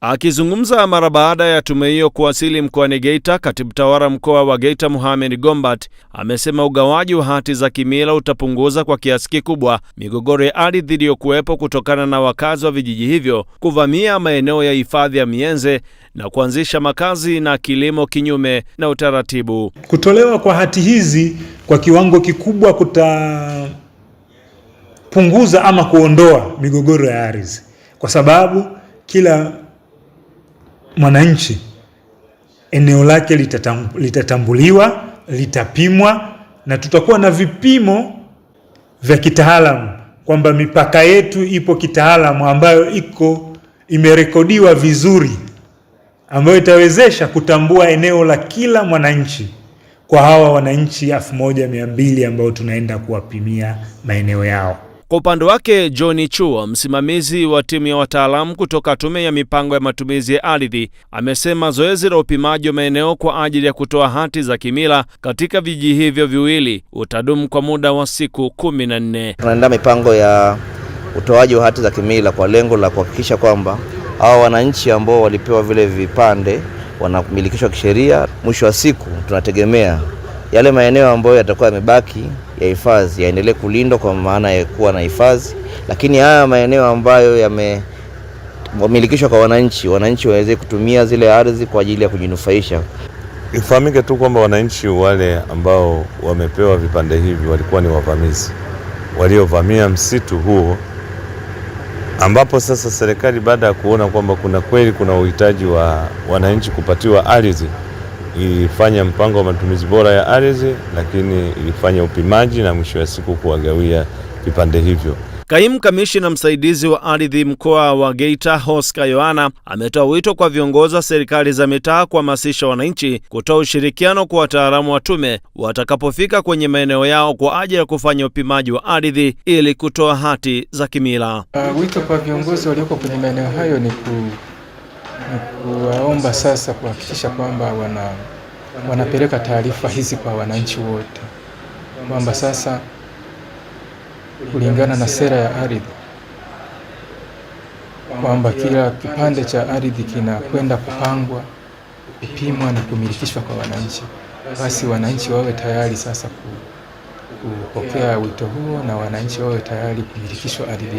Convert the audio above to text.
Akizungumza mara baada ya tume hiyo kuwasili mkoani Geita, katibu tawala mkoa wa Geita Mohamed Gombat amesema ugawaji wa hati za kimila utapunguza kwa kiasi kikubwa migogoro ya ardhi iliyokuwepo kutokana na wakazi wa vijiji hivyo kuvamia maeneo ya hifadhi ya mienze na kuanzisha makazi na kilimo kinyume na utaratibu. Kutolewa kwa hati hizi kwa kiwango kikubwa kutapunguza ama kuondoa migogoro ya ardhi kwa sababu kila mwananchi, eneo lake litatambuliwa, litapimwa na tutakuwa na vipimo vya kitaalamu kwamba mipaka yetu ipo kitaalamu, ambayo iko imerekodiwa vizuri, ambayo itawezesha kutambua eneo la kila mwananchi kwa hawa wananchi elfu moja mia mbili ambao tunaenda kuwapimia maeneo yao. Kwa upande wake, John chua msimamizi wa timu ya wataalamu kutoka Tume ya Mipango ya Matumizi ya Ardhi, amesema zoezi la upimaji wa maeneo kwa ajili ya kutoa hati za kimila katika vijiji hivyo viwili utadumu kwa muda wa siku kumi na nne. Tunaandaa mipango ya utoaji wa hati za kimila kwa lengo la kuhakikisha kwamba hawa wananchi ambao walipewa vile vipande wanamilikishwa kisheria. Mwisho wa siku tunategemea yale maeneo ambayo yatakuwa yamebaki ya hifadhi yaendelee kulindwa kwa maana ya kuwa na hifadhi, lakini haya maeneo ambayo yame wamilikishwa kwa wananchi, wananchi waweze kutumia zile ardhi kwa ajili ya kujinufaisha. Ifahamike tu kwamba wananchi wale ambao wamepewa vipande hivi walikuwa ni wavamizi waliovamia msitu huo, ambapo sasa serikali baada ya kuona kwamba kuna kweli kuna uhitaji wa wananchi kupatiwa ardhi ilifanya mpango wa matumizi bora ya ardhi, lakini ilifanya upimaji na mwisho wa siku kuwagawia vipande hivyo. Kaimu kamishina msaidizi wa ardhi mkoa wa Geita Oscar Yohana ametoa wito kwa viongozi wa serikali za mitaa kuhamasisha wananchi kutoa ushirikiano kwa wataalamu wa tume watakapofika kwenye maeneo yao kwa ajili ya kufanya upimaji wa ardhi ili kutoa hati za kimila. Uh, wito kwa viongozi walioko kwenye maeneo hayo ni ku ni kuwaomba sasa kuhakikisha kwamba wana, wanapeleka taarifa hizi kwa wananchi wote kwamba sasa kulingana na sera ya ardhi kwamba kila kipande cha ardhi kinakwenda kupangwa, kupimwa na kumilikishwa kwa wananchi. Basi wananchi wawe tayari sasa kupokea wito huo na wananchi wawe tayari kumilikishwa ardhi